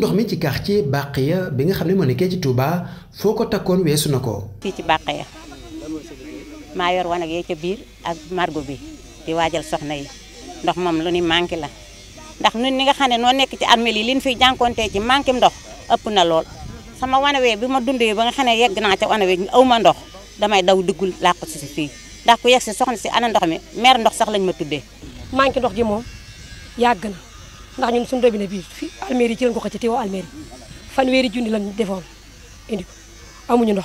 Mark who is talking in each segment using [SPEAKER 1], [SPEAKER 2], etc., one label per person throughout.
[SPEAKER 1] ndox mi ci quartier Bakhiya bi nga xam ne moo nekkee ci Touba foo ko takkoon weesu na ko.
[SPEAKER 2] fii ci Bakhiya maa yor wanag yee ca biir ak margo bi di waajal soxna yi ndox moom lu ni manqué la ndax nun ni nga xam ne noo nekk ci armeel yi li ñu fiy jànkontee ci manqué ndox ëpp na lool sama wanawee bi ma dundee ba nga xam ne yegg naa ca wanawee ñu aw ma ndox damay daw duggul làqu si fii ndax ku yegg si soxna si ana ndox mi meer ndox sax lañ
[SPEAKER 3] ma tuddee. manqué ndox gi moom yàgg ndax ñun suñ robinet bii fi alméeri ci lañ ko xëcc teewoo alméeri fanweeri junni lañ defoon indi ko amuñu ndox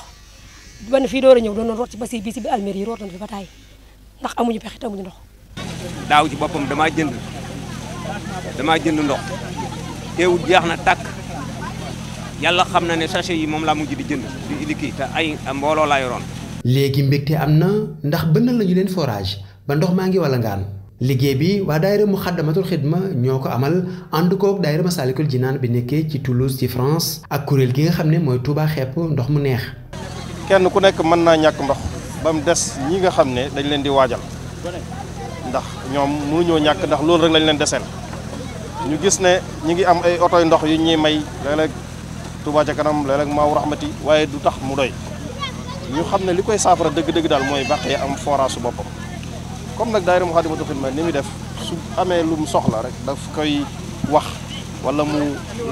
[SPEAKER 3] ban fii door a ñëw doon doon root ci basi bii si bi alméeri yi root nañ fi ba taay ndax amuñu pexe te amuñu ndox
[SPEAKER 1] ci boppam damaa jënd damaa jënd ndox teewul jeex na tàkk yàlla xam na ne sachet yi moom laa mujj di jënd ay mbooloo laa yoroon léegi mbégte am na ndax bënal nañu leen forage ba ndox maa ngi walla ngaan liggéey bi waa daayira Muxaddamatul Xidma ñoo ko amal ànd koog daayira Masaalikul Jinaan bi nekkee ci Toulouse ci France ak kuréel gi nga xam ne mooy tubaa xepp ndox mu neex.
[SPEAKER 4] kenn ku nekk mën naa ñàkk ndox ba mu des ñi nga xam ne dañ leen di waajal ndax ñoom mënuñoo ñàkk ndax loolu rek lañ leen deseel ñu gis ne ñu ngi am ay oto otoy ndox yu ñuy may léeg-léeg tubaa ca kanam léeg-léeg maaw rahmati waaye du tax mu doy ñu xam ne li koy saafara dëgg-dëgg daal mooy bàq am forage su boppam. comme nag daayira Moukhaddamatoul Khidma ni muy def su amee lu mu soxla rek daf koy wax walla mu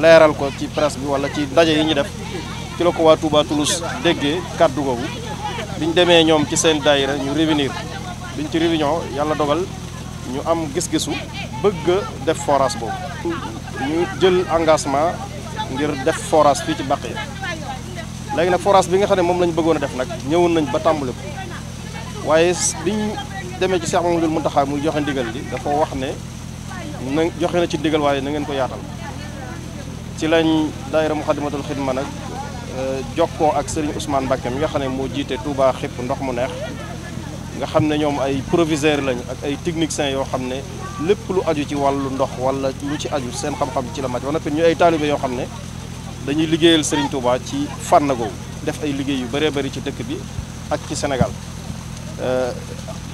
[SPEAKER 4] leeral ko ci presse bi wala ci ndaje yi ñu def ci la ko waa Touba Toulouse déggee kàddu googu biñ demee ñoom ci seen daayira ñu réunir biñ ci réunion yàlla dogal ñu am gis-gisu bëgg def forage boobu. ñu jël engagement ngir def forage fii ci bàq Baqiya léegi nag forage bi nga xam ne moom lañ bëggoon a def nag ñëwoon nañ ba tàmbali ko. waaye liñ demee ci Cheikh Mamadou Mountakha muy joxe ndigal li dafa wax ne na joxe na ci ndigal waaye na ngeen ko yaatal ci lañ daayira Muxaddamatul Xidma nag euh, jokkoo ak Serigne Ousmane Mbacké mi nga xam ne moo jiite Touba Xip ndox mu neex nga xam ne ñoom ay proviseur lañu ak ay techniciens yoo xam ne lépp lu aju ci wàllu ndox wala lu ci aju seen xam-xam ci la màcc wala ñu ay taalibe yoo xam ne dañuy liggéeyal Serigne Touba ci fànn googu def ay liggéey yu bëree bëri ci dëkk bi ak ci Sénégal Euh,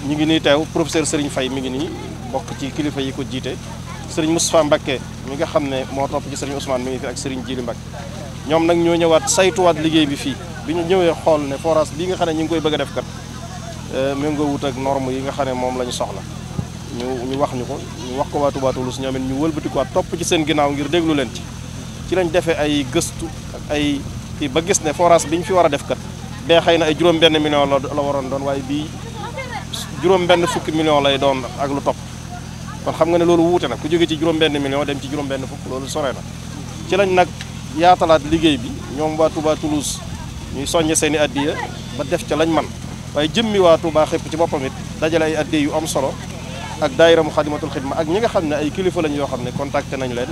[SPEAKER 4] ñu ngi nii teew professeur Serigne Faye mi ngi nii mbokk ci kilifa yi ko jiite Serigne Moustapha Mbacké mi nga xam ne moo topp ci Serigne Ousmane mi ngi fi ak Serigne Djili Mbacké ñoom nag ñoo ñëwaat saytuwaat liggéey bi fii bi ñu ñëwee xool ne forage bi nga xam ne ñu ngi koy bëgg a def kat euh, méngoo wut ak norme yi nga xam ne moom la ñu soxla ñu wax ñu ko ñu wax ko waa Touba Toulouse ñoom it ñu wëlbatikuwaat topp ci seen ginnaaw ngir déglu leen ci ci lañ defee ay gëstu ak ay kii ba gis ne forage bi ñu fi war a def bee xëy na ay juróom-benn million la la waroon doon waaye bii juróom-benn fukki million lay doon ak lu topp kon xam nga ne loolu wuute na ku jóge ci juróom-benn million dem ci juróom-benn fukk loolu sore na ci lañ nag yaatalaat liggéey bi ñoom waa Touba Toulouse ñuy soññe seeni i addiya ba def ca lañ man waaye jëmmi waa Touba xëpp ci boppam it dajale ay addiya yu am solo ak daayira mu xadimatul xidma ak ñi nga xam ne ay kilifa lañ yoo xam ne contacté nañ leen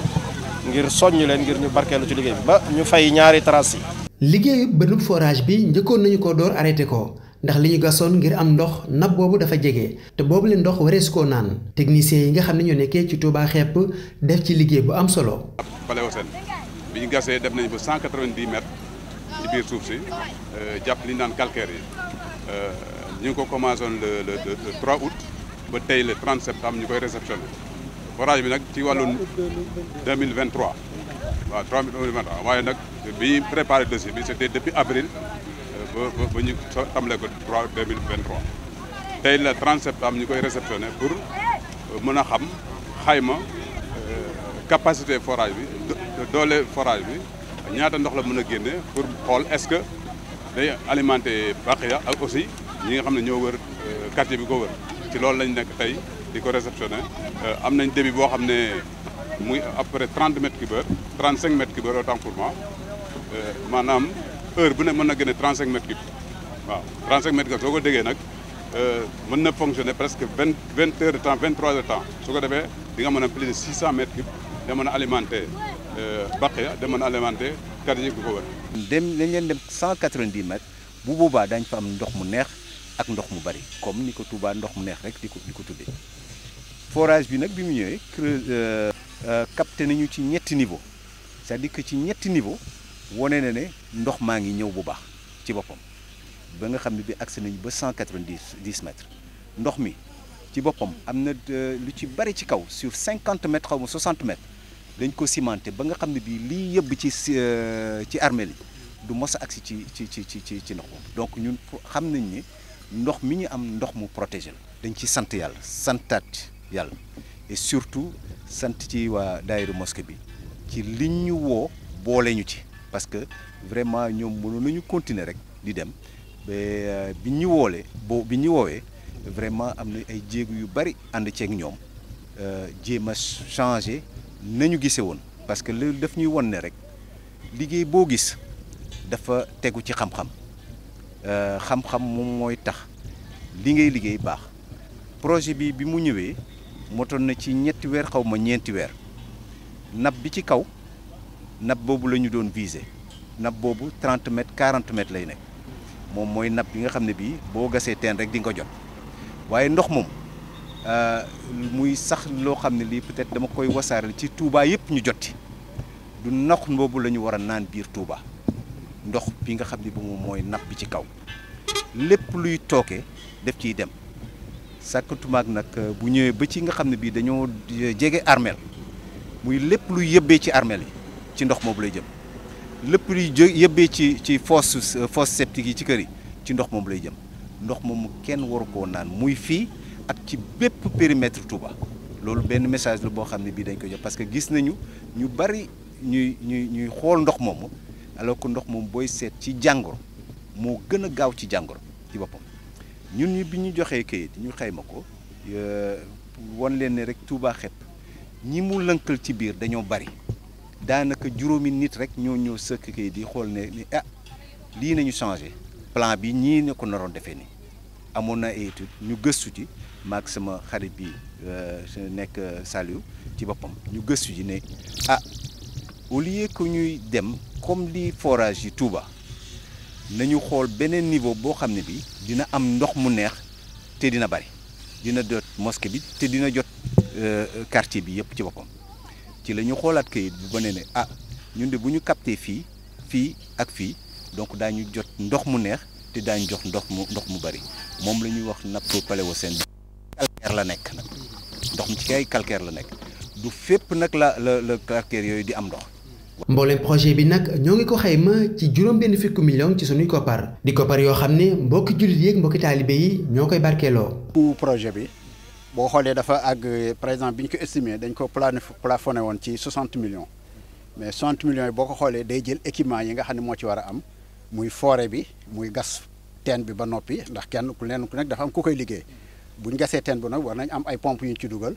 [SPEAKER 4] ngir soññ leen ngir ñu barkeelu ci liggéey ba ñu fay ñaari traces yi
[SPEAKER 1] liggéeyu bërëb forage bi njëkkoon nañu ko door arrêté ko ndax li ñu gasoon ngir am ndox nab boobu dafa jege te boobu leen ndox waree warees koo naan techniciens yi nga xam ne ñoo nekkee ci Touba xepp def ci liggéey bu am solo.
[SPEAKER 5] Paléocène bi ñu gasee def nañ ba 190 mètres ci biir suuf si euh, jàpp li ñu naan calcaire yi euh, ñu ngi ko commencé woon le le le ba tey le 30 septembre ñu koy réceptionné forage bi nag ci wàllu 2023. waaw 3 minutes au matin waaye nag bi ñuy préparé dossier bi c'était depuis avril euh, ba ba ñu tàmbalee ko 3 2023 tey la 30 am ñu koy réceptionné pour euh, mën a xam xayma euh, capacité forage bi doole forage bi ñaata ndox la mën a génne pour xool est-ce que day alimenter Baxiya ak aussi ñi nga xam ne ñoo wër quartier bi ko wër ci loolu lañ nekk tey di ko réceptionné am nañ débit boo xam ne. muy à peu près 30 mètres cubes heure 35 mètres cubes heure pour moi euh, maanaam heure bu ne mën na génne 35 mètres cubes waaw 35 mètres cubes soo ko déggee nag euh, mën na fonctionner presque 20 20 heures de temps 23 heures de temps su ko defee di nga mën a plus de 600 mètres cubes da mën a alimenter euh, Baqiya da mën a alimenter quartier yi bu ko
[SPEAKER 3] dem dañ leen dem 190 mètres bu boobaa daañu fa am ndox mu neex ak ndox mu bari comme ni ko Touba ndox mu neex rek di ko di ko tuddee forage bi nag bi mu ñëwee Euh, capté nañu ci ñetti niveau cest dikk ci ñetti niveau wane na ne ndox maa ngi ñëw bu baax ci boppam ba nga xam ne bii agsi nañu ba cent quatre dix mètres ndox mi ci boppam am na euh, lu ci bari ci kaw sur cinquante xaw ma soixante mètres dañ ko cimenté ba nga xam ne bii lii yëbb ci si euh, ci armée li du mos a agsi ci ci ci ci ci ndox boobu donc ñun xam nañ ni ndox mi ñu am ndox mu protégé la dañ ci sant yàlla santaat yàlla surtout sant ci waa daayiru mosquée bi ci li ñu woo boole ñu ci parce que vraiment ñoom mënoon ñu continuer rek di dem ba euh, bi ñu woolee boo bi ñu woowee vraiment am na ay jéegu yu bari ànd ceeg ñoom euh, jéem a changé nañu gise woon parce que loolu daf ñuy wan ne rek liggéey boo gis dafa tegu ci xam-xam euh, xam-xam moom mooy tax li ngay liggéey baax projet bi bi mu ñëwee motoon na ci ñetti weer xaw ma ñeenti weer nab bi ci kaw nab boobu la ñu doon viser nab boobu 30 mètres 40 mètres lay nekk moom mooy napp bi nga xam ne bii boo gasee teen rek di nga ko jot waaye ndox moom euh, muy sax loo xam ne lii peut-être dama koy wasaareel ci Touba yëpp ñu jot ci du ndox boobu la ñu war a naan biir Touba ndox bi nga xam ne bi moom mooy napp bi ci kaw lépp luy tooke def ciy dem. sàkkatumaak nag euh, bu ñëwee ba ci nga xam ne bii dañoo euh, jege armeel muy lépp lu yëbbee ci armeel yi ci ndox moomu lay jëm lépp luy yëbbee ci ci fosse euh, fosse septique yi ci kër yi ci ndox moom lay jëm ndox moomu kenn waru ko naan muy fii ak ci bépp périmètre Touba loolu benn message la boo xam ne bii dañ koy jox parce que gis nañu ñu bari ñuy ñuy ñuy xool ndox moomu alors que ndox moom booy seet ci jàngoro moo gën a gaaw ci jàngoro ci boppam. ñun ñu bi ñu joxee kayit ñu xayma ko euh, won leen ne rek Touba xepp ñi mu lënkal ci biir dañoo bari daanaka juróomi nit rek ñoo ñëw sëkk kayit yi xool ne ni ah lii nañu changé plan bi ñii ne ko naroon defee nii amoon na ay ñu gëstu ci maag sama xarit bi euh, nekk euh, salio ci boppam ñu gëstu ci ne ah au lieu que ñuy dem comme li forage yi Touba nañu xool beneen niveau boo xam ne bi dina am ndox mu neex te dina bari dina jot mosquée bi te dina jot euh, quartier bi yëpp ci boppam ci la ñu xoolaat kayit bu ba ne ne ah ñun de bu ñu capté fii fii ak fii donc daañu jot ndox mu neex te daañ jox ndox mu ndox mu bari moom la ñuy wax nappe paléocène bi calcaire la nekk ndox mi ci kay calcaire la nekk du fépp nag la la la calcaire yooyu di am ndox
[SPEAKER 1] mboolem projet bi nag ñoo ngi ko xayma ci juróom benn fukki million ci sunuy koppar di koppar yoo xam ni mbokki jullit yeeg mbokki taalibe yi ñoo koy barkeeloo. bu projet bi
[SPEAKER 2] boo xoolee dafa àgg par exemple bi ñu ko estimé dañ ko plafonné woon ci 60 millions mais 60 millions yi boo ko xoolee day jël équipement yi nga xam ne moo ci war a am muy foore bi muy gas teen bi ba noppi ndax kenn ku leen ku nekk dafa am ku koy liggéey bu ñu gasee teen b nag war nañ am ay pompes ñu ci dugal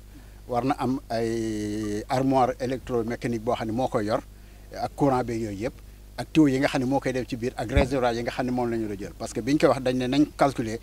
[SPEAKER 2] war na am ay armoire électromécanique boo xam ne moo koy yor. ak courant beeg yooyu yëpp ak tuyau yi nga xam ne moo koy def ci biir ak réservoir yi xam ne moom la ñu la jël parce que bi ñu koy wax dañ ne nañ calculer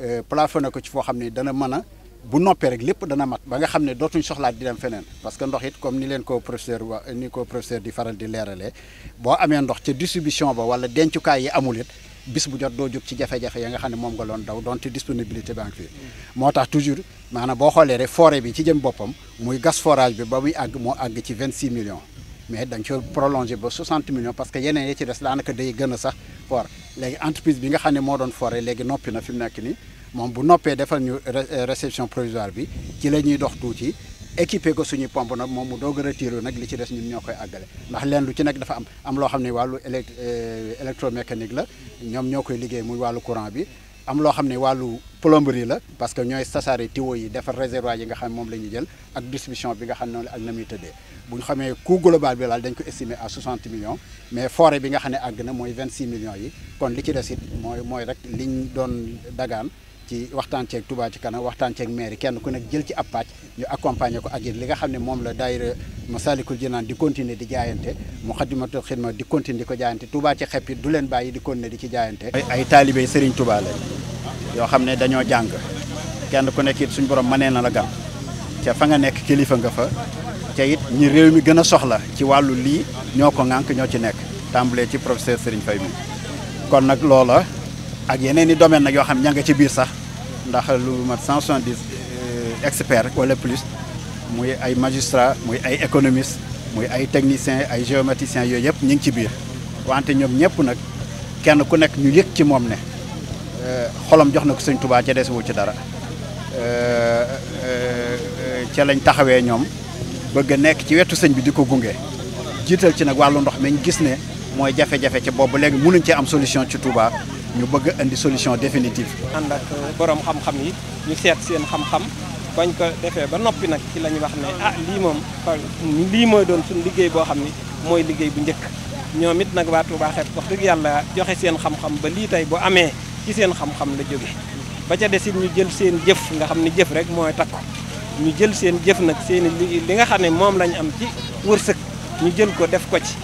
[SPEAKER 2] euh, plafonné ko ci foo xam ne dana mën a bu noppee rek lépp dana mat ba nga xam ne dootuñ soxlaat di dem feneen parce que ndox it comme ni leen ko professeur ni ko professeur di faral di leerale boo amee ndox ca distribution ba wala dencukaay yi amul it bis bu jot doo jóg ci jafe-jafe ya nga xam ne moom nga loon daw donte disponibilité banque fii mm. moo tax toujours maanaam boo xoolee rek forêt bi ci jëm boppam muy gas bi ba muy àgg moo àgg ci 26 millions mais dañ ci prolongé ba 60 millions parce que yeneen yi ci des daanaka day gën a sax for léegi entreprise bi nga xam ne moo doon for léegi noppi na fi mu nekk nii moom bu noppee defal ñu euh, réception provisoire bi ci la ñuy dox tuuti équipé ko suñu pompe na moom mu doog a retiré nag li ci des ñun ñoo koy àggale ndax leen lu ci nekk dafa am am loo xam ne wàllu élec euh, électromécanique la ñoom ñoo koy liggéey muy wàllu courant bi am loo xam ne wàllu plomberie la parce que ñooy sasaare tiwo yi defar réservoir yi nga xam moom la ñuy jël ak distribution bi nga xam noonu ak na muy tëddee bu ñu xamee coût global bi laal dañ ko estimer à 60 millions mais forêt bi nga xam ne àgg na mooy 26 millions yi kon li ci des it mooy mooy rek liñ doon dagaan ci waxtaan ceeg tubaa ci kanam waxtaan ceeg maire kenn ku nekk jël ci ab pàcc ñu accompagner ko ak it li nga xam ne moom la daayira Masalikul Jinaan di continuer di jaayante Muxaddamatul Xidma di continuer di ko jaayante tubaa ci xepp it du leen bàyyi di continuer di ci jaayante ay taalibe Serigne Touba la yoo xam ne dañoo jàng kenn ku nekk it suñu borom nee na la gan ca fa nga nekk kilifa nga fa ca it ñi réew mi gën a soxla ci wàllu lii ñoo ko ŋànk ñoo ci nekk tàmbalee ci professeur Serigne Faye mi kon nag loola yeneen i domaine nag yoo xam ña nga ci biir sax ndax lu mat cent 170 euh, experts wala plus muy ay magistrats muy ay économistes muy ay techniciens ay géométriciens yooyu yëpp ñu ngi ci biir wante ñoom ñëpp nag kenn ku nekk ñu yëg ci moom ne euh, xolam jox na ko sëñ Tuubaa ca desewu ci dara euh, ca lañ taxawee ñoom bëgg a nekk ci wetu sëñ bi di ko gunge jiital ci nag wàllu ndox mi gis ne mooy jafe-jafe ci boobu léegi mënuñ cee am solution ci Touba. ñu bëgg indi solution définitive.
[SPEAKER 4] ànd ak boroom xam-xam yi ñu seet seen xam-xam bañ ko defee ba noppi nag ci la wax ne ah lii moom lii mooy doon suñu liggéey boo xam ni mooy liggéey bu njëkk ñoom it nag waa Touba Xeet wax dëgg yàlla joxe seen xam ba lii tey bu amee ci seen xam-xam la jóge ba ca des it ñu jël seen jëf nga xam ne jëf rek mooy ko ñu jël seen jëf nag seeni i li nga xam ne moom lañu am ci wërsëg ñu jël ko def ko ci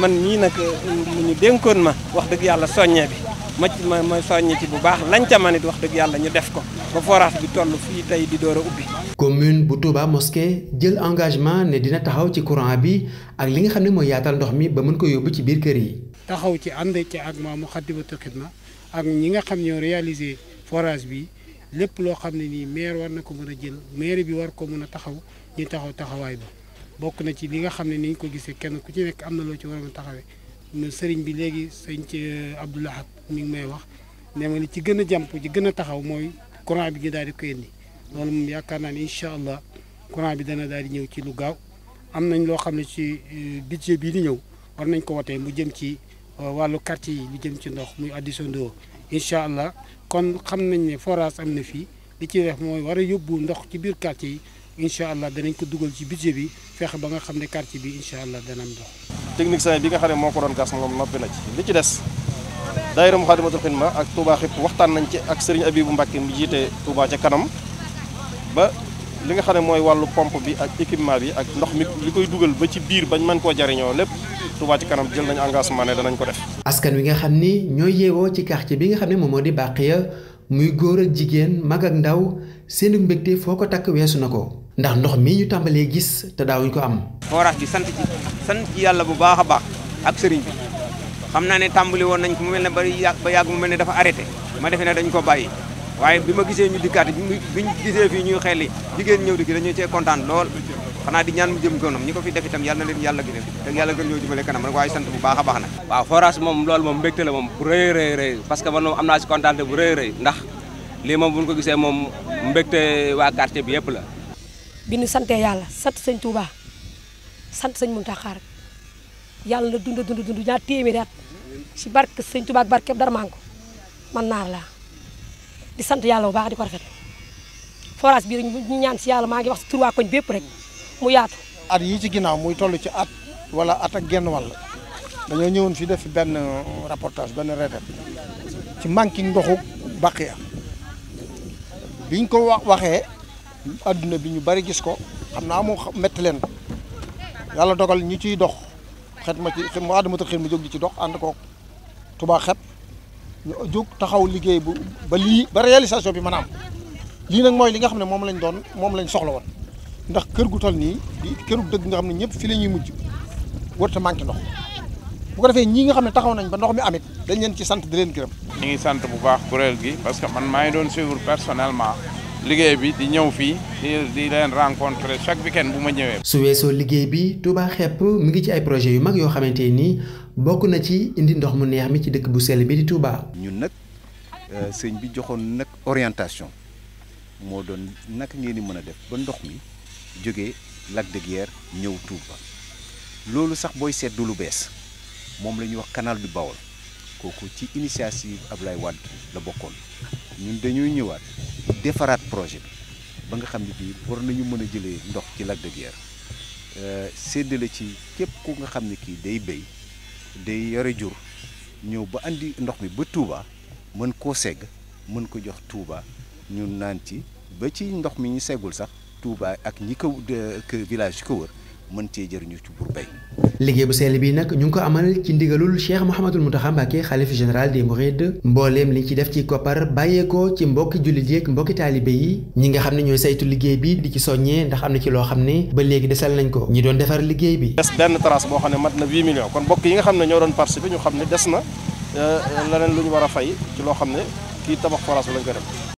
[SPEAKER 4] man ñii nag euh, ñu dénkoon ma wax dëgg yàlla soññee bi ma ma ma soññ ci bu baax lañ ca man it wax dëgg yàlla ñu def ko ba forage bi toll fii tey di door a ubbi.
[SPEAKER 1] commune bu Touba Mosquée jël engagement ne dina taxaw ci courant bi ak li nga xam ne mooy yaatal ndox mi ba mën ko yóbbu ci biir kër yi.
[SPEAKER 2] taxaw ci ànd ci ak maamu Xadimatul Xidma ak ñi nga xam ñoo réaliser forage bi lépp loo xam ne nii maire war na ko mën a jël maire bi war ko mën a taxaw ñu taxaw taxawaay bi bokk na ci li nga xam ne ni ñu ko gisee kenn ku ci nekk am na loo ci war a taxawee. sëriñ bi léegi sëñ ci euh, Abdou Lahad mi ngi may wax ne li ci gën a jàmp ci gën a taxaw mooy courant bi ñu daal di ko indi loolu moom yaakaar naa ne incha allah courant bi dana daal di ñëw ci lu gaaw am nañ loo xam ne ci euh, budget bii di ñëw war nañ ko wotee mu jëm ci euh, wàllu quartier yi lu jëm ci ndox muy addition d'eau incha allah kon xam nañ ne forage am na fii li ci def mooy war a yóbbu ndox ci biir quartier yi
[SPEAKER 4] incha allah danañ ko dugal ci budget bi fexe ba nga xam ne quartier bi incha allah dana am ndox. bi nga xam ne moo ko doon gas moom noppi na ci li ci des daayira Moukhaddamatoul Khidma ak Touba Xip waxtaan nañ ci ak Serigne Abibou Mbacke mi jiite Touba ca kanam ba li nga xam ne mooy wàllu pompe bi ak équipement bi ak ndox mi li koy dugal ba ci biir bañ mën koo jariñoo lépp Touba ci kanam jël nañ engagement ne danañ ko def.
[SPEAKER 1] askan wi nga xam ni ñooy yeewoo ci quartier bi nga xam ne moom moo di ya muy góor a jigéen mag ak ndaw seenu mbégte foo ko takk weesu na ko. ndax ndox mii ñu tàmbalee gis te daawuñ ko am. forage bi sant ci sant ci yàlla bu baax a baax ak sëriñ bi xam naa ne tàmbali woon nañ ko mu mel ne ba yàgg yàgg mu mel ne dafa arrêté ma defe ne dañ ko bàyyi waaye bi ma gisee ñu dikkaat bi ñu gisee fii ñuy xel li jigéen ñëw di gi dañoo cee kontaan lool. xanaa di ñaan mu jëm kanam ñi ko fi def itam yal na leen yàlla gi a te yàlla gën ñoo jëmale kanam rek waaye sant bu baax a baax nag
[SPEAKER 3] waaw forage moom loolu moom moom parce que man moom am kontaan bu rëy rëy ndax lii moom bu ñu ko gisee moom mbégte waa quartier bi yëpp la bind nu santee yàlla sant sëñ Touba sant sëñ Mountakha rek yàlla na dund dund dund ñaar téeméeri at si barke sëñ Touba ak barkeem dara maa ngi ko man naar laa di sant yàlla bu baax di ko rafet forage bi ñu ñaan si yàlla maa ngi wax si turwaa koñ bépp rek mu yaatu.
[SPEAKER 4] at yi ci ginnaaw muy toll ci at wala at ak genn wàll dañoo ñëwoon fi def benn reportage benn retet ci manque ndoxu Baxiya biñ ko waxee. adduna bi ñu bari gis ko xam naa mu metti leen yàlla dogal ñu ciy dox xet ma ci mu àddamatul xet ma jóg di ci dox ànd ko Touba xet ñu taxaw liggéey bu ba lii ba réalisation bi man a maanaam lii nag mooy li nga xam ne moom lañ doon moom lañ soxla woon ndax kër gu toll nii këru kër dëgg nga xam ne ñëpp fi la ñuy mujj warut a manqué ndox
[SPEAKER 5] bu ko defee ñii nga xam ne taxaw nañ ba ndox mi amit dañ leen ci sant di leen gërëm. ñu ngi sant bu baax kuréel gi parce que man maa ngi doon suivre personnellement. liggéey bi di ñëw fii di di leen rencontrer chaque week bu ma ñëwee.
[SPEAKER 1] su weesoo liggéey bi Touba Xepp mi ngi ci ay projets yu mag yoo xamante nii bokk na ci indi ndox mu neex mi ci dëkk bu sell bi di Touba.
[SPEAKER 5] ñun nag euh,
[SPEAKER 3] sëñ bi joxoon nag orientation moo doon naka ngeen di mën a def ba ndox mi jóge Lac de Guiers ñëw Touba loolu sax booy seet lu bees moom la ñuy wax canal du bawoon kooku ci initiative Ablaye Wade la bokkoon ñun dañuy ñëwaat. defaraat projet bi ba nga xam ne bii war nañu mën a jëlee ndox ci lac de Guiers euh, séddale ci képp ku nga xam ne kii day béy day yore jur ñëw ba indi ndox mi ba Touba mën koo segg mën ko jox Touba ñu naan ci ba ci ndox mi ñu seggul sax Touba ak ñi ko village ko wër mën cee jëriñu ci pour béy.
[SPEAKER 1] liggéey bu sell bi nag ñu ngi ko amal ci ndigalul Cheikh Mouhamadul Mountakha Mbacké xalif général des Mourides mbooleem liñ ci def ci koppar bàyyeekoo ci mbokki jullit yeeg mbokki taalibe yi ñi nga xam ne ñooy saytu liggéey bi di ci soññee ndax am na ci loo xam ne ba léegi desal nañ ko ñi doon defar liggéey bi
[SPEAKER 4] des benn trace boo xam ne mat na 8 millions kon mbokk yi nga xam ne ñoo doon participer ñu xam ne des na euh, leneen lu ñu war a fay ci loo xam ne kii tabax forage bi lañ ko